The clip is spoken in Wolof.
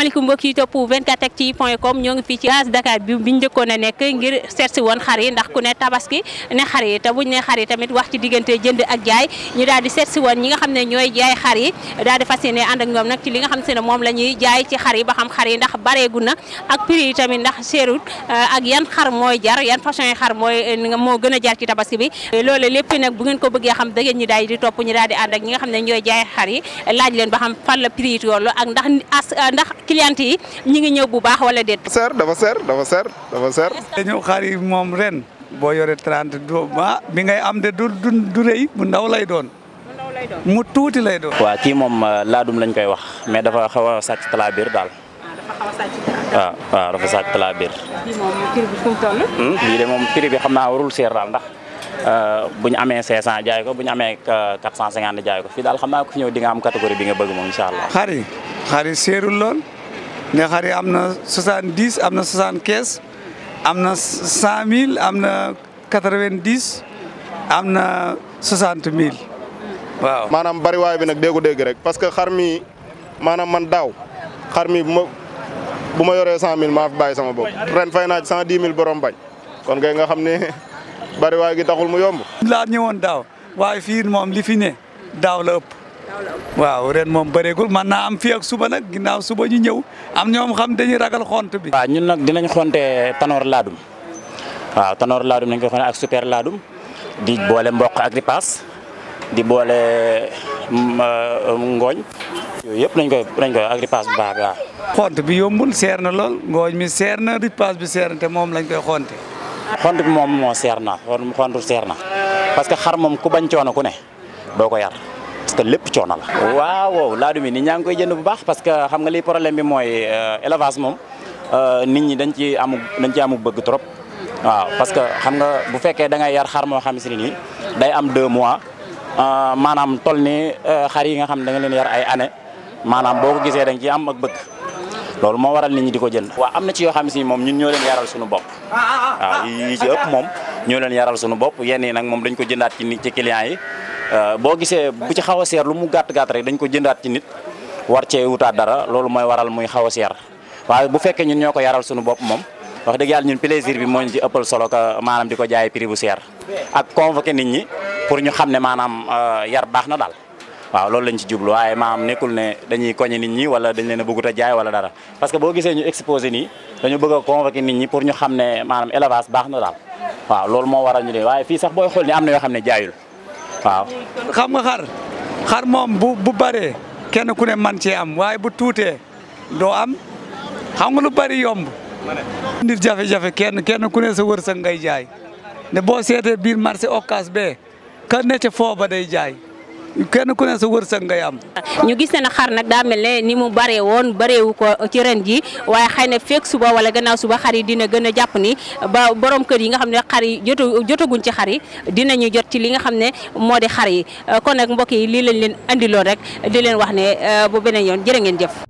asalaamaaleykum mbokk yi topp 24actu.com ñoo ngi fii ci gaz Dakar bi njëkkoon a nekk ngir seet woon xar yi ndax ku ne tabaski ne xar yi te buñ tamit wax ci diggante jënd ak jaay ñu daal di seet si woon ñi nga xam ne ñooy jaay xar yi daal di fas yéene ànd ak ñoom nag nga xam se moom la ñuy jaay ci xar yi ba xam xar yi ndax bareegu na ak prix ndax seerut euh, ak yan xar mooy jar yan façon xar mooy euh, moo gën a jar ci tabaski bi loolu lépp nag bu ngeen ko bëggee xam da ngeen ñu daal di daal di ànd ak ñi nga xam ne ñooy jaay xar yi laaj leen ba xam fan la prix yi ak ndax cliente yi ñi ngi ñëw bu baax wala déet. seer dafa seer dafa seer dafa seer. dañu xar moom ren boo yore trente do ma bi ngay am de du du ndaw lay doon. mu tuuti lay doon. waaw kii moom euh, laadum lañ koy wax mais dafa xaw a sàcc talaa daal. waaw ah, waaw ah, ah, dafa sàcc talaa biir. moom prix bi fu mu toll. Hmm, lii de moom prix bi xam naa warul seer daal ndax euh, bu ñu amee 500 jaay bu ñu amee 450 euh, jaay ko fii daal xam naa ko fi ñëw di nga am catégorie bi nga bëgg moom incha allah. xar yi xar nga xam ne am na soixante-dix am na soixante-quinze am na cent mille am na quatre-vingt-dix am na soixante mille waaw. maanaam bariwaay bi nag déggu dégg rek parce que xar mi maanaam man daaw xar mi bu ma bu ma yoree cent mille maa fi bàyyi sama bopp ren fay naa cent dix mille borom bañ kon ngay nga xam ne bariwaay gi taxul mu yomb. laa ñëwoon daaw waaye fii moom li daaw la ëpp. waaw ren moom bëreegul man naa am fii ak suba nag ginnaaw suba ñu ñëw am ñoom xam dañuy ragal xont bi. waaw ñun nag dinañ xonte tanoor laadum waaw tanoor laadum dañ koy xonte ak super laadum di boole mboq ak ripaas di boole mm, euh, mm, ngooñ. yooyu yëpp nañ koy nañ koy ak ripaas bu baax waaw. xont bi yombul seer na lool ngooñ mi seer na ripaas bi seer na moom lañ koy xonte. xont bi moom moo seer na xont xontu seer na parce que xar moom ku bañ coono ku ne doo ko yar. parce que lépp coono la. waaw laadum yi ñaa ngi koy jënd bu baax parce que xam nga li problème bi mooy euh, élevage moom euh, nit ñi dañ ci amu dañ ci amu bëgg trop waaw parce que xam nga bu fekkee da ngay yar xar moo xam si ne nii day am deux mois euh, maanaam toll ni xar yi nga xam ne da nga leen yar ay année maanaam boo ko gisee da nga ciy am bëgg. loolu moo waral nit ñi di ko jënd. waaw am na ci yoo si moom ñun ñoo leen yaral suñu bopp ah, ah, ah, waaw yi ci ëpp moom ñoo leen yaral suñu bopp yenn yi moom dañ ko jëndaat ci client yi. Euh, boo gisee bu ci xaw a seer lu mu gàtt gat rek dañ ko jëndaat ci nit war cee wutaat dara loolu mooy waral muy xaw a seer waaye bu fekkee ñu ñoo ko yaral suñu bopp moom wax dëgg yàlla ñun plaisir bi mooñ ci ëppal solo ka maanaam di ko jaay prix bu seer ak convoqué nit ñi pour ñu xam ne maanaam euh, yar baax na daal waaw loolu lañ ci jublu waaye maanaam nekkul ne dañuy koñe nit ñi wala dañ leen a bëggut jaay wala dara parce que boo gisee ñu exposé nii dañu bëgg a convoqué ñi pour ñu xam ne maanaam élevage baax na daal waaw loolu moo waral ñu de waaye fii sax boo xool ni am na yoo xam ne jaayul waaw. xam nga xar xar moom bu bu bëree kenn ku ne man cee am waaye bu tuutee doo am xam nga lu bari yomb. ndir jafe-jafe kenn kenn ku ne sa wërsëg ngay jaay ne boo seetee biir marché Ocass bee ka ne ca fooba day jaay. kenn ku ne sa wërsëg nga am. ñu gis ne na xar nag daa mel ne ni mu baree woon bareewu ko ci ren ji waaye xëy na feeg suba wala gannaaw suba xar yi dina gën a jàpp ni ba borom kër yi nga xam ne xar yi jot jotaguñ ci xar yi dinañu jot ci li nga xam ne moo di xar yi kon nag mbokk yi lii lañ leen andiloon rek di leen wax ne bu beneen yoon jërë ngeen jëf.